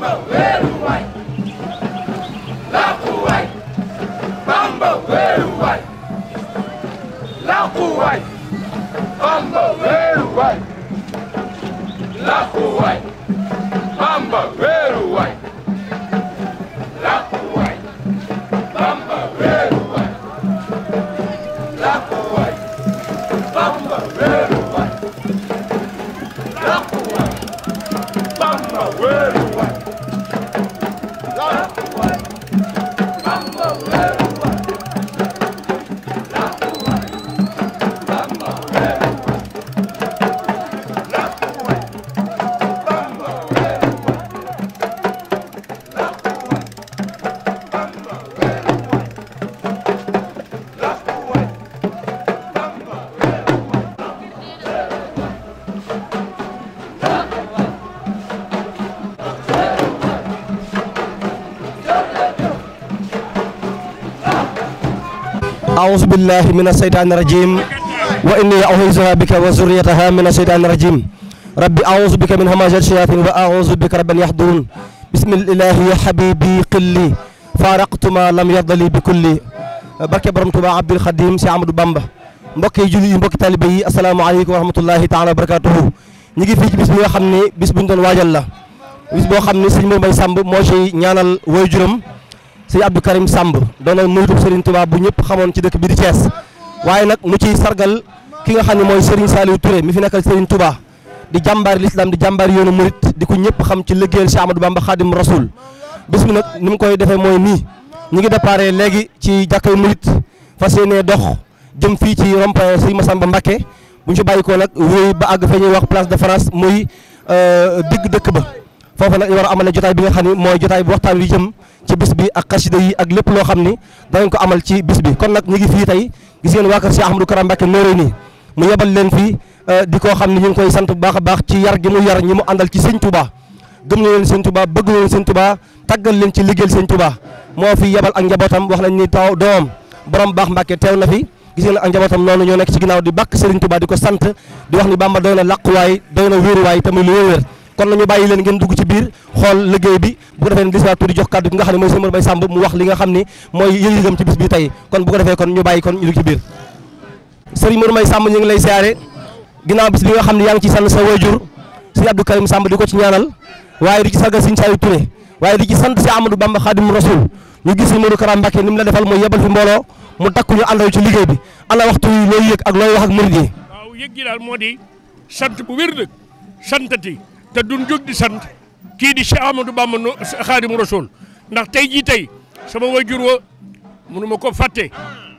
Jumbo! أعوذ بالله من الشيطان الرجيم وإني أعوذ بك وزريتها من الشيطان الرجيم ربي أعوذ بك من همجر الشياطين وأعوذ بك رب يحضون بسم الله يا حبيبي قلي فارقت ما لم يضلي بكلي بركة برمتبا عبد الخديم سي عمدو بامبا مبكي جولي مبكي طالبي السلام عليكم ورحمة الله تعالى وبركاته نيجي فيك بسم الله خمني بسم الله واجل الله بسم الله خمني سلمي بي سامبو موشي نيانال ويجرم sëñ abdu Karim Samb doonoon muritub Serigne Touba bu ñëpp xamoon ci dëkk bi di Thiès waaye nag mu ciy sargal ki nga xam ne mooy Serigne Saliou Touré mi fi nekkal Serigne tubaa di jàmbaari lislaam di jàmbaari yoonu murit di ko ñëpp xam ci liggéeyal Cheikh Amadou Bamba Khadim Rasoul bis bi nag ni mu koy defee mooy nii ñu ngi déparé léegi ci jàkkay murit fas yéenee dox jëm fii ci rond-point Serigne Massamba mbake bu ñu si bàyyi ko nag wéy ba àgg fa ñuy wax place de France muy euh, digg dëkk ba foofu nag ñu war a amale jotaay bi nga xam ni mooy jotaay bu waxtaan wi jëm ci bis bi ak xasida yi ak lépp loo xam ni danañ ko amal ci bis bi kon nag ñu ngi fii tey gis ngeen waa kër Cheikh Ahmadou Kara Mbacké Noreyni euh, di koo xam ne ñu ngi koy sant bu baax baax ci yar gi mu yar ñi mu àndal ci sëñ Touba gëm na leen sëñ Touba bëgg na leen sëñ Touba tàggal leen ci liggéeyal sëñ Touba moo fi yebal ak njabootam wax nañ ni taw doom borom baax Mbacké teew na fi gis ngeen ak njabootam noonu ñoo nekk ci ginnaaw di bàkk sëriñ Touba di ko sant di wax ni Bamba doy na làquwaay doy na wéeruwaay tamit lu wér kon lañu bayyi leen ngeen dugg ci biir xol liggéey bi bu ko ni ne tour di jox kaddu nga xamni moy seumur Bay Sàmb mu wax li nga xamni moy mooy ci bis bi tay kon bu ko defé kon ñu bayyi kon ñu dugg ci biir sëriñ Modou May Sàmb ñu ngi lay siaré ginaaw bis bi nga xamni yaang ci sant sa wajur sëñ Abdou Karim Sàmb diko ci ñaanal waye di ci sargal seigne Saliou Touré waye di ci sant ci Amadou Bamba khadim rasoul ñu gis sëñ Modou Kara Mbacké ni la defal moy yebal fi mbolo mu takku ñu àndaw ci liggéey bi ala waxtu yi looy yëg ak loy wax ak mouride yi waaw yëg gi daal moo sant bu wér nag santati te duñ jog di sant ki di Cheikh Amadou Bamba khadim rasoul ndax tay ji tay sama wajur wa adil, ko fàtte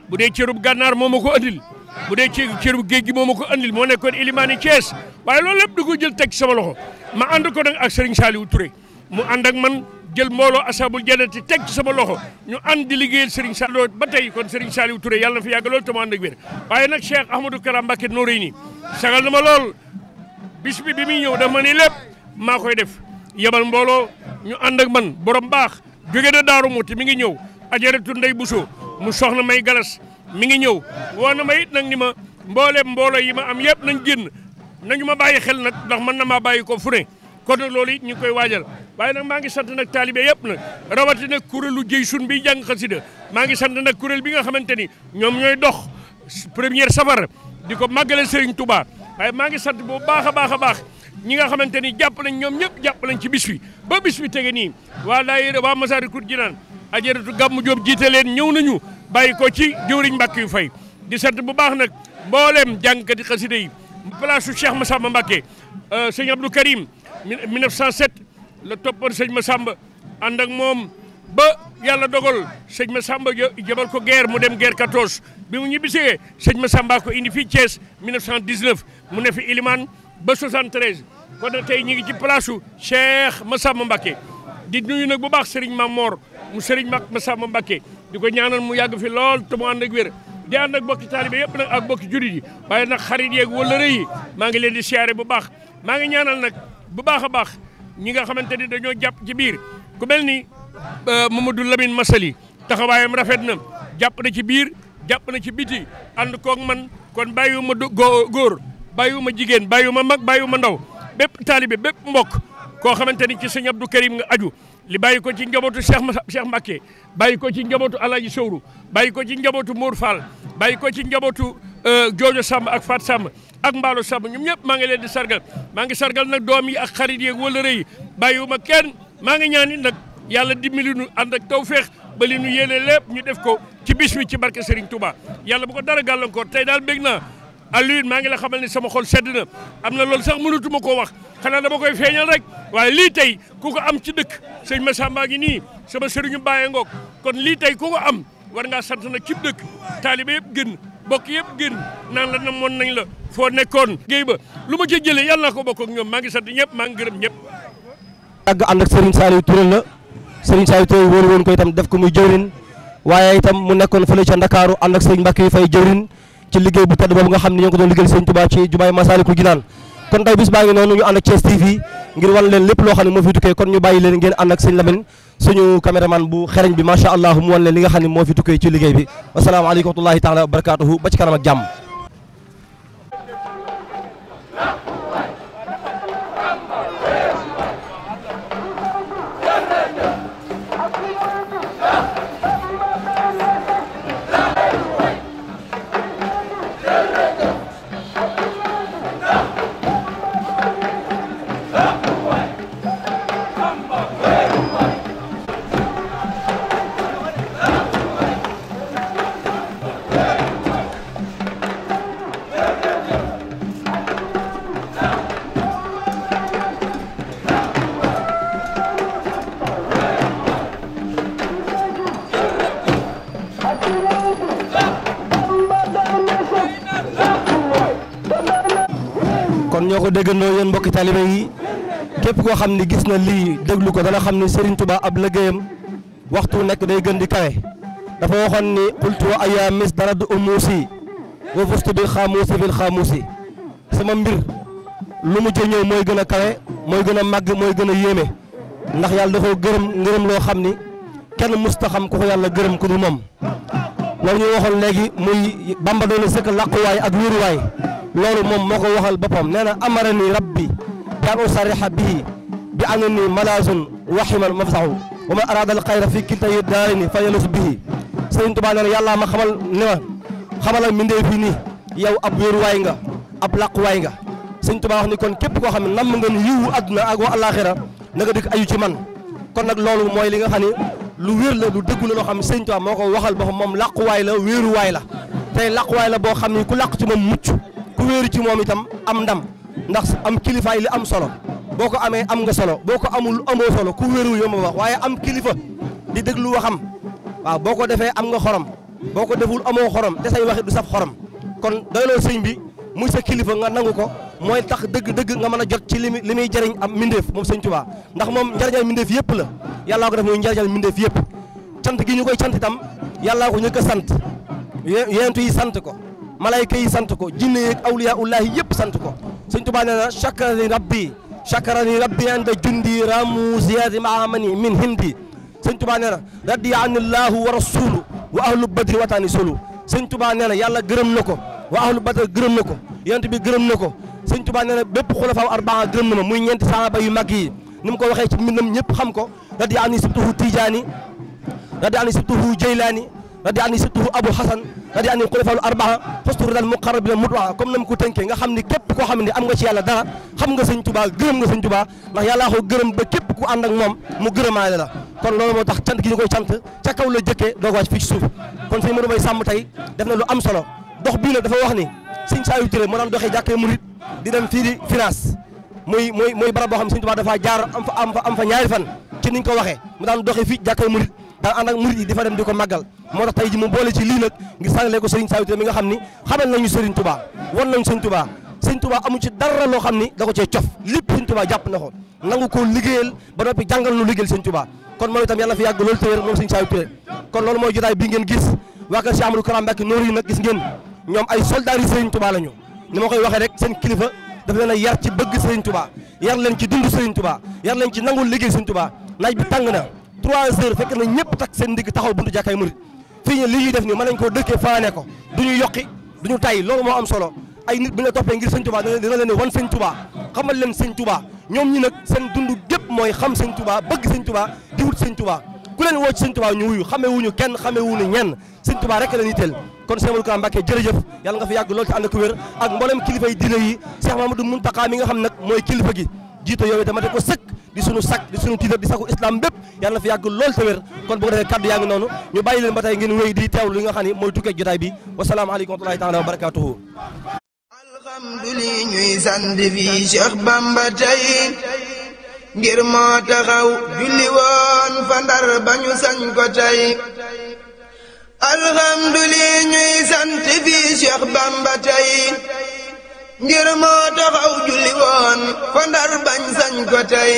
budé dee cërub gànnaar moo andil budé dee ci cërub ma andil mo nekkoon Ilimani Thiès waye lolou lepp duko jël tek sama loxo ma and ko nak ak Serigne Saliou Touré mu and ak man jël molo asabul jannati tek ci sama loxo ñu and di liggéey Serigne Saliou ba kon Serigne Saliou Touré yalla na fi yag lolou te mo and ak wér waye nak Cheikh amadou karam Mbacké Noreyni sagal na ma lool bis bi bi dama ni lepp maa koy def yebal mbooloo ñu ànd ak man borom baax jóge na Daaru Muti mi ngi ñëw ajaratu Ndey Buso mu soxna May Galas mi ngi ñëw woo na ma it nag ni ma mbooleem mbooloo yi ma am yëpp nañ génn nañu ma bàyyi xel nag ndax mën na maa bàyyi ko fu ne kon loolu it ñu koy waajal waaye nag maa ngi sant nag taalibe yëpp nag rawatina nag kuréelu jëy sun bi jàng xasida maa ngi sant nag kuréel bi nga xamante ni ñoom ñooy dox première safar di ko màggale Serigne Touba waaye maa ngi sant bu baax a baax a baax ñi nga xamante ni jàpp nañ ñoom ñëpp jàpp nañ ci bis bi ba bis bi tege nii waa daayira waa Masaalikul Jinaan ajaratu Gàmmu Jóob jiite leen ñëw nañu bàyyi ko ci jëwriñ Mbàkke yu fay di sant bu baax nag mbooleem jàngkati xasida yi place su Cheikh Massamba Mbàkke euh, sëñ Abdou Karim 1907 la toppoon sëñ Massamba ànd ak moom ba yàlla dogal sëñ Massamba jëbal ko guerre mu dem geer guerre 14 bi mu ñibbisee sëñ Massamba ko indi fii Thiès 1919 mu ne fi ba 73 kon tay ñi ngi ci placeu Cheikh massa Mbacké di nuyu nak bu baax Serigne Mamor mu Serigne mak massa Mbacké diko ñaanal mu yag fi lol te mo and ak wër di and ak bokki talibé yépp nak ak bokki jurit yi waaye nak xarit ak wëllëre yi ma ngi leen di siyaare bu baax ma ngi ñaanal nak bu baaxa baax ñi nga xamanteni ni dañoo jàpp ci biir ku melni euh, Mamadou Lamine massali taxawayam rafet na jàpp na ci biir japp na ci biti ko ak man kon bàyyiwuma gor wu ma jigéen ma mag wu bàyyiwuma ndaw bépp taalibe bépp mbokk koo xamante ni ci sëñ Abdou Karim nga aju li bàyyi ko ci njabootu Cheikh Cheikh Mbacké bàyyi ko ci njabootu Alaaji Sowru bàyyi ko ci njabootu Mour Fall bàyyi ko ci njabootu euh, Joojo Samb ak Fat Samb ak Mbaalo Samb ñoom ñëpp maa ngi leen di sargal maa ngi sargal nag doom yi ak xarit yeeg wala rëy bàyyiwuma kenn maa ngi ñaan nag yàlla dimbali nu ànd ak tawféex ba li nu yéene lépp ñu def ko ci bis mi ci barke Serigne Touba yàlla bu ko dara gàllankoor tey daal bég naa Alioune maa ngi la xamal ne sama xol sedd na am na loolu sax mënatuma koo wax xanaa dama koy feeñal rek waaye lii tey koo ko am ci dëkk sëñ Massamba ngi nii sama sëriñu Baye ngook kon lii tey ku ko am war ngaa sant na cib dëkk taaliba yëpp gën bokk yëpp gën naan la na moon nañ la foo nekkoon géey ba lu ma ci jëlee yàlla naa ko bokk ak ñoom maa ngi sant ñëpp maa ngi gërëm ñëpp yàgg ànd ak Serigne Saliou Touré la Serigne Saliou Touré wóolu woon ko itam def ko muy jëwrin waaye itam mu nekkoon fële ca Ndakaaru ànd ak Serigne Mbacke fay jëwrin ci liggéey bu tedd boobu nga xam ne ñoo ko doon liggéey Sëriñ Tuubaa ci jumaay Masaalikul Jinaan kon tey bis baa ngi noonu ñu ànd ak Thiès TV ngir wan leen lépp loo xam ne moo fi tukkee kon ñu bàyyi leen ngeen ànd ak sëñ Lamine suñu caméraman bu xereñ bi macha allah mu wan leen li nga xam ne moo fi tukkee ci liggéey bi wasalaamaaleykum wa rahmatullahi taala wa barakatuhu ba ci kanam ak jàmm ñoo ko déggandoo yéen mbokki taalibe yi képp koo xam ni gis na lii déglu ko dana xam ni Serigne Touba ab liggéeyam waxtu nekk day gën di kawe dafa waxoon ni qultu wa aya mis darad umuusi wa fustu bil xaamuusi bil xaamuusi sama mbir lu mu jëñëw mooy gën a kawe mooy gën a màgg mooy gën a yéeme ndax yàlla da koo gërëm ngërëm loo xam ni kenn musta xam ku ko yàlla gërëm ku dul moom loolu ñu waxoon léegi muy bamba doon sëkk làquwaay ak wéeruwaay loolu moom moo ko waxal boppam nee na amarani rabbi bi an usarriha bihi bi annani malazun waximal mafsahu wa man arada al xayra fi kintayi daarini fa yalus bihi Sëriñ Tuubaa nee na yàlla ma xamal ne ma xamalal mindee fii nii yow ab wéeruwaay nga ab làquwaay nga Sëriñ Tuubaa wax ni kon képp koo xam ne nam ngeen yiwu àdduna ak wa àllaaxira na nga dikk ayu ci man kon nag loolu mooy li nga xam ne lu wér la lu dëggu la loo xam ne Sëriñ Tuubaa moo ko waxal boppam moom làquwaay la wéeruwaay la tey làquwaay la boo xam ne ku làq ci moom mucc ku ci moom itam am ndam ndax am kilifaay li am solo boo ko amee am nga solo boo ko amul amoo solo ku wéeru waaye am kilifa di déglu waxam waaw boo ko defee am nga xorom boo ko deful amoo xorom te say waxit du saf xorom kon doyloo sëñ bi muy sa kilifa nga nangu ko mooy tax dëgg-dëgg nga mën a jot ci li muy li jëriñ am mbindeef moom sëñ Tuubaa ndax moom njariñal mbindeef yëpp la yàllaa ko def muy njariñal mbindeef yëpp cant gi ñu koy cant itam yàllaa ko ñu ko sant yéentu yi sant ko malayka yi sant ko jinne yeeg awliya ullahi yëpp sant ko sëñ Tuubaa nee na rabbi shakarani rabbi anda jundi ramu ziyadi mahamani min hindi sëñ Tuubaa nee na radiya anillahu wa rasulu wa ahlu badri wataani sulu sëñ Tuubaa nee na yàlla gërëm na ko wa ahlu badri gërëm na ko yonent bi gërëm na ko sëñ Tuubaa nee na bépp xulafaaw arbaa gërëm na muy ñeenti saaba yu mag yi ko waxee ci mbindam ñëpp xam ko radiya ani sibtuhu radiya ani sibtuhu radi an yi surtout abou hasan radi an yi xulafaalu arbaa xusturu dal ko tënkee ne am nga ci yàlla dara xam nga sëñ tubaa gërëm nga sëñ tubaa ndax yàllaa ko gërëm moom mu gërëmaale la kon loolu moo tax cant kaw la jëkkee doog wàcc tey def na lu solo dox bii nag dafa wax ni sëñ saa Touré moo daan doxee jàkkee murit di dem fii di finance muy muy muy barab boo xam sëñ tubaa dafa jaar am fa ñaari fan ci niñ ko waxee mu daan doxee fii jàkkee murit daan ànd ak murid yi di fa dem di ko màggal moo tax tey ji mu boole ci lii nag ngir sàngalee ko Serigne Saliou Touré mi nga xam ni xamal nañu Serigne Touba wan nañu Serigne Touba Serigne Touba amu dara loo xam ni da cee cof lépp Serigne Touba jàpp na ko nangu koo liggéeyal ba noppi jàngal nu liggéeyal Serigne Touba kon moom itam yàlla na fi yàgg loolu loolu mooy jotaay bi ngeen gis waa kër Cheikh Amadou Karam Mbacké nóoru yi nag gis ngeen ñoom ay soldats yi Serigne lañu ni ma koy waxee rek seen kilifa dafa leen a yar ci bëgg Serigne tubaa yar leen ci dund Serigne Touba yar leen ci nangul liggéey Serigne Touba tàng na trois heures fekk na ñëpp tak seen ndigg taxaw buntu jàkkaay murit fii ñu li ñuy def nii mën nañ koo dëkkee faane ko du ñu yokki du ñu tay loolu moo am solo ay nit bi nga la toppee ngir sëñ Touba dina leen wan sëñ Touba leen sëñ Touba ñoom ñi nag seen dund gépp mooy xam sëñ Touba bëgg sëñ Touba di wut sëñ Touba ku leen woo ci sëñ Touba ñu wuyu xamee kenn xamee wuñu ñenn sëñ Touba rek la ñuy teel kon Sëñ Modou Kara Mbacké jërëjëf yàlla nga fi yàgg lool ci ànd ak wér ak mboolem kilifa yi diine yi Cheikh Mamadou Mountakha mi nga xam nag mooy kilifa gi jiite yow itam mate ko sëkk di sunu sak di sunu tiitar di sakku islam bépp yalla fi yag lool te wér kon bu ko defee kaddu yaa nonu ñu bayil leen batay ngeen wéy di teewlu li nga xani moy mooy jotaay bi wa rahmatulahi taala wa rahmatullahi wa barakatuh alhamdulillahi ñuy sant bi Cheikh Bamba tay ngir mo taxaw julli won fa ndar ba sañ ko tay alhamdulillahi ñuy sant bi Cheikh Bamba tay ngir moo taxaw julli fa ndar bañ ko tey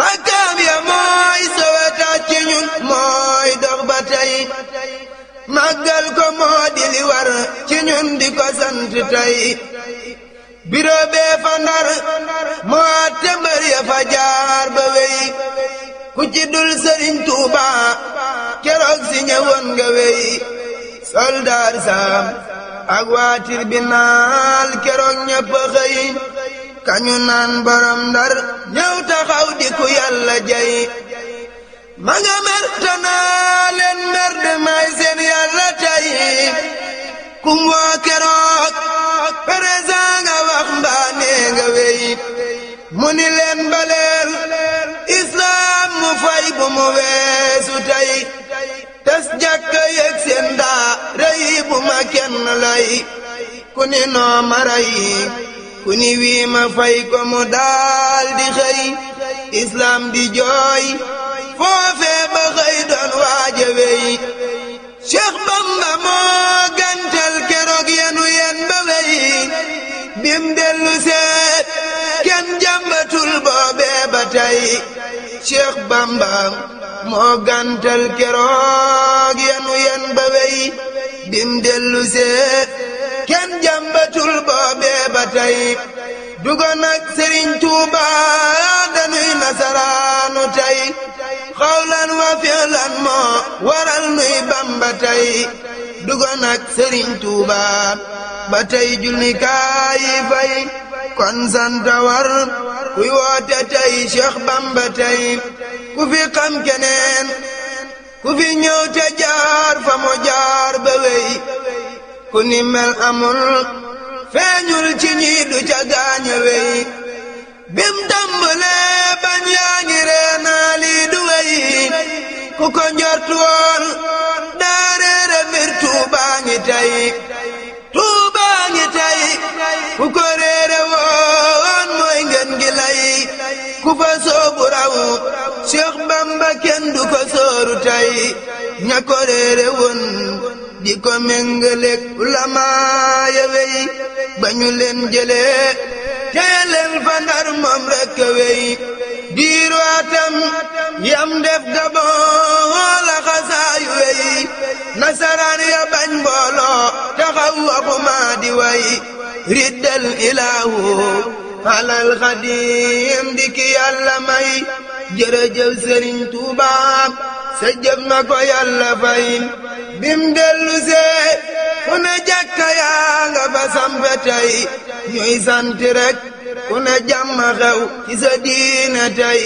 rakkaam ya mooy soweta ci ñun mooy dox ba tey màggal ko moo di li ci ñun di ko tey biro bee fa ndar moo te mbër fa jaar ba wey ku ci dul sëriñ tuuba keroog si ñëwoon nga wey soldaar ak waa tribunal keroog ñëpp kañu naan borom ndar ñëw taxaw di ku yàlla jay ma nga mer tanaa leen mer de may seen yàlla tey kum woo keroog président nga wax mbaanee nga wey mu ni leen baleel islaam mu fay bu mu weesu tey tes jàkka yëg seen daa bu ma kenn lay ku ni noo ma ku ni wii ma fay ko mu daal xëy islaam di jooy foofee ba xëy doon waaja wey Cheikh Bamba moo gantal keroog yenu yen ba wey bim dellu seet kenn jàmbatul boobee ba Cheikh Bamba moo gàntal keroog yanu yan ba wey bim dellu see kenn jàmbatul boobee ba tey dugoon ak Sëriñ Tuuba danuy nasaraanu tey xawlan wa fi'lan moo waral nuy Bamba tey dugoon ak Sëriñ Tuuba ba tey julli kaay fay kon sant war woote tey Cheikh Bamba tey ku fi xam keneen ku fi ñëw te jaar fa mu jaar ba wey ku ni mel amul feeñul ci ñi du ca gaaña wey bim tàmbalee bañ yaa ngi reenaa lii wey ku ko njort woon daa reere Tuubaa ngi tey tey ña ko réere woon di ko méngaleeg ulamaa ya wey ba ñu leen jëlee teye leen fa ndar moom rekk wey yam def gabon xasaayu wey nasaraan ya bañ mbooloo taxaw waxuma di way riddal ilaahu alal xadim di ki yàlla may jërëjëf Sëriñ Tuubaa sa jëf ko yàlla fayin bim dellu see ku yaa nga fa sampe tey ñuy sant rek ku xew ci diine tey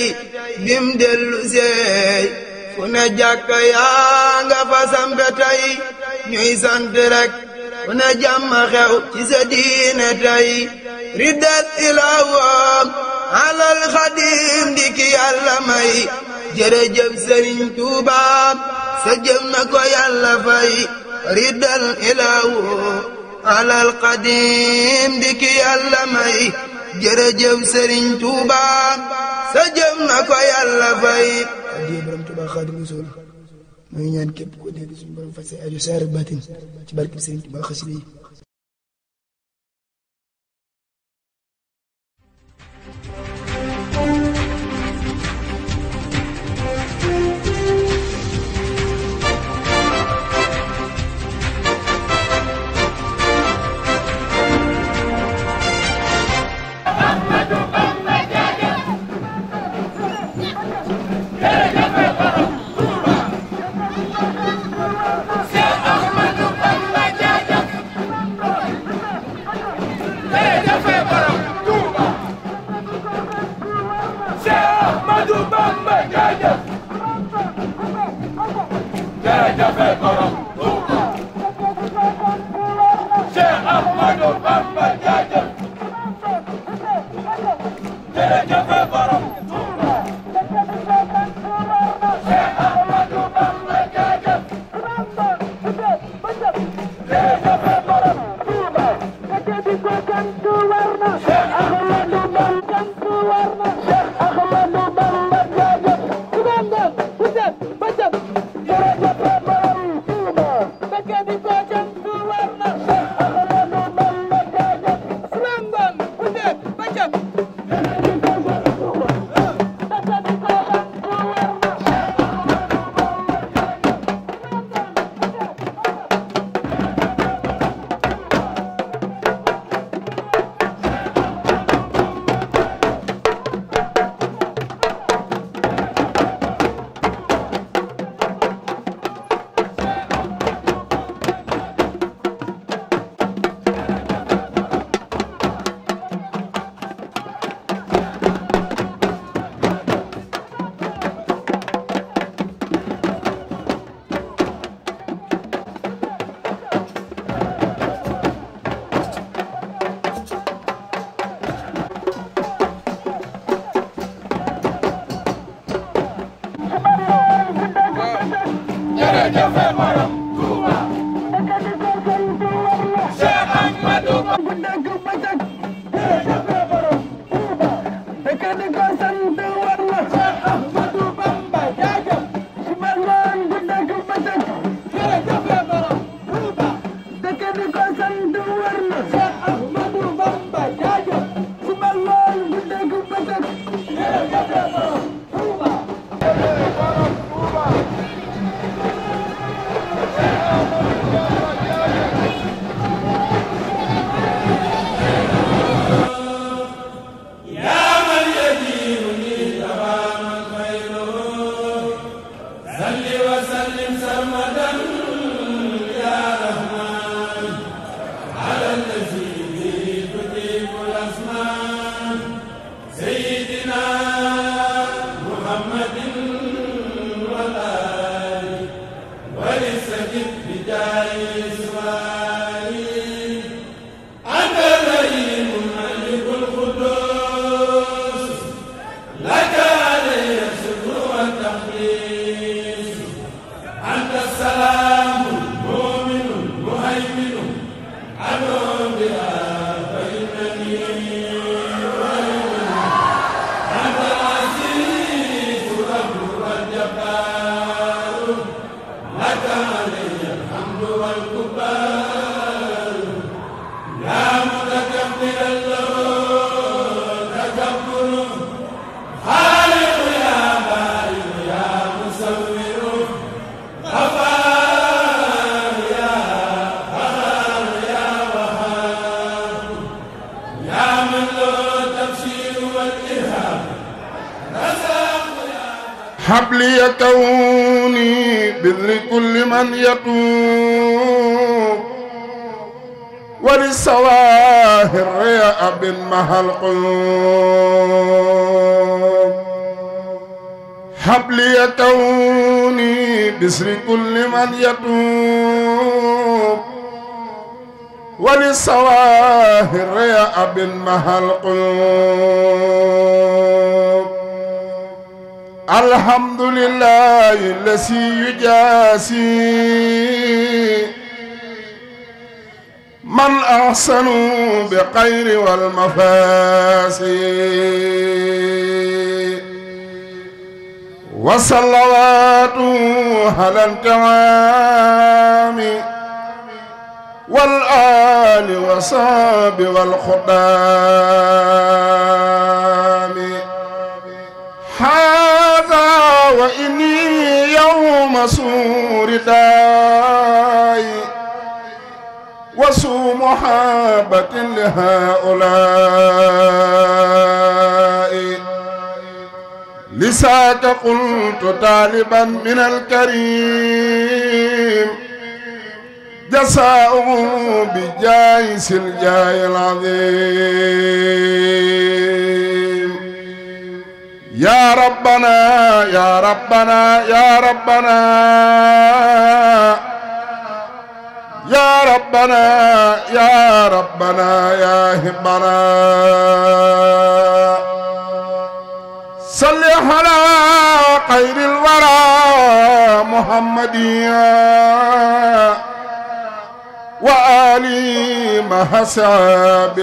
bim dellu see ku yaa nga fa sampe tey ñuy sant rek ku xew ci diine tey riddat ilaa woom alal xadim di ki yàlla may jërëjëf Sëriñ Tuuba sa jëm na ko yàlla fay ridal riddal ala al qadim dik yàlla may jërëjëf Sëriñ Tuuba sa jëm na ko yàlla fay addiya borom Tuuba khadim Rasuul may ñaan kep ko nekk suñu borom fas ay aju saar ci barkeb Sëriñ Tuuba xasida حبلي كوني بذل كل من يتوب ولسواه يا أب مها القلوب حبلي كوني بذر كل من يتوب ولسواه يا أب مها القلوب الحمد لله الذي يجاسي من أحسن بخير والمفاسي وصلوات على الكرام والآل وصاب والخدام وإني يوم صور داي وسوء محابة لهؤلاء لساك قلت طالبا من الكريم جساؤه بجايس الجاي العظيم يا ربنا يا ربنا يا ربنا يا ربنا يا ربنا يا هبنا صل على خير الورى محمد وآلي مع أصحاب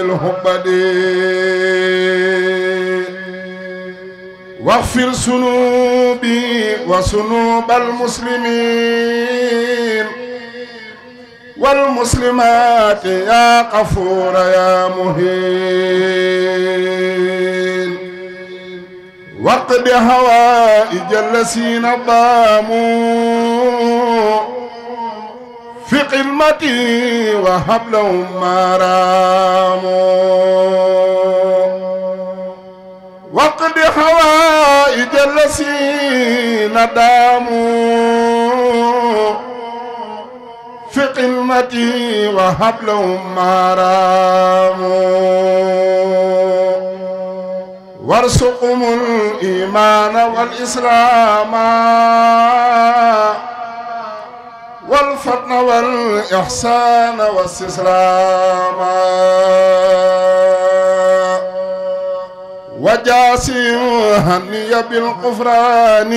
واغفر سنوبي وسنوب المسلمين والمسلمات يا غفور يا مهين وقد هوائج الذين الضامو في قلمتي وهب لهم ما راموا وقد حوائج الذين داموا في قمتي لهم ما راموا وارسقهم الإيمان والإسلام والفطن والإحسان والاستسلام وجاسم هني بالغفران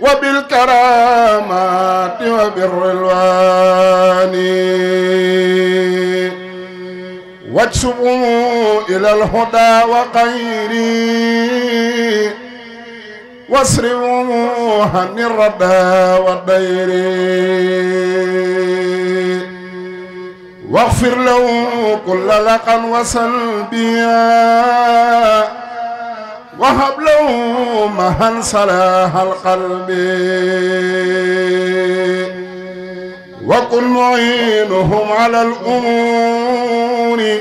وبالكرامات وبالرلوان واجسبوا إلى الهدى وخير واسرموا هني الردى والدير واغفر له كل لقا وسلبيا وهب له مهن صلاح القلب وكن معينهم على الأمور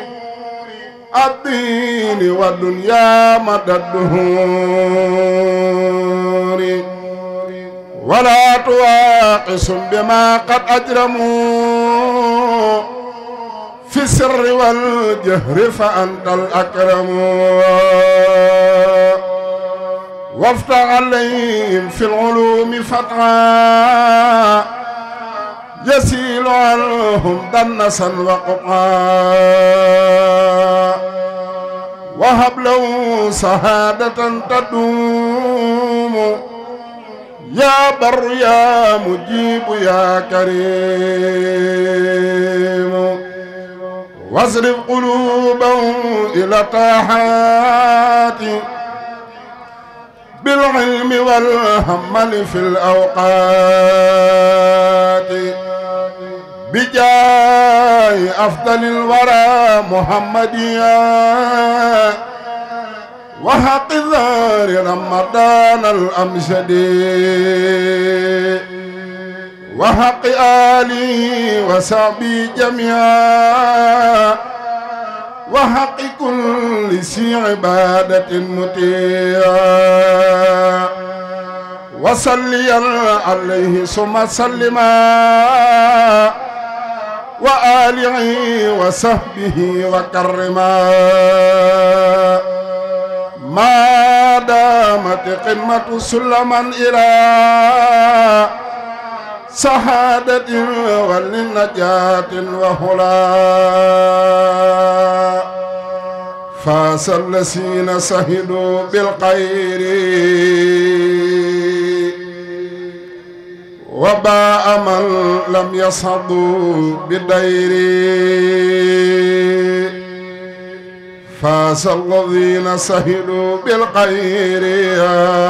الدين والدنيا مددهم ولا تواقسم بما قد أجرموا في السر والجهر فأنت الأكرم وافتح عليهم في العلوم فتحا يسيل عنهم دنسا وقطعا وهب له سهادة تدوم يا بر يا مجيب يا كريم واصرف قلوبهم إلى طاحات بالعلم والهمل في الأوقات بجاه أفضل الورى محمديا وحق ذار رمضان الأمشدي وحق آلي وصحبه جميعا وحق كل ذي عبادة مطيعا وصلي عليه ثم سلما وآله وصحبه وكرما ما دامت قمة سلما إلى سعادة ولنجاة وهلا فاس الذين سهدوا بالخير وباء من لم يصدوا بدير فاس الذين سهدوا بالخير